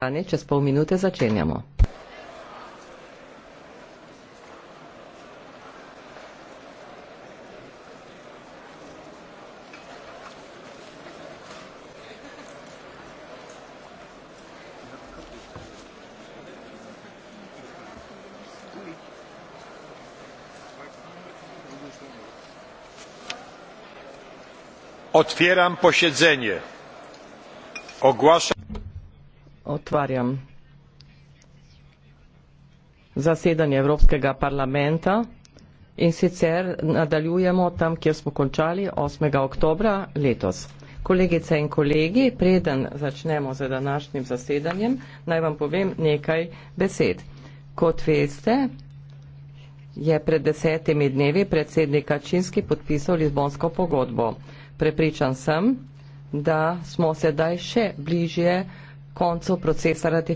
Ani, čez pol minute začenjamo. Otwieram posiedzenie. Ogłaszam. Otvarjam zasedanje Evropskega parlamenta in sicer nadaljujemo tam, kjer smo končali 8. oktobra letos. Kolegice in kolegi, preden začnemo z današnjim zasedanjem, naj vam povem nekaj besed. Kot veste, je pred desetimi dnevi predsednik Kačinski podpisal Lizbonsko pogodbo. Prepričan sem, da smo sedaj še bližje koncu procesa ratifikacije.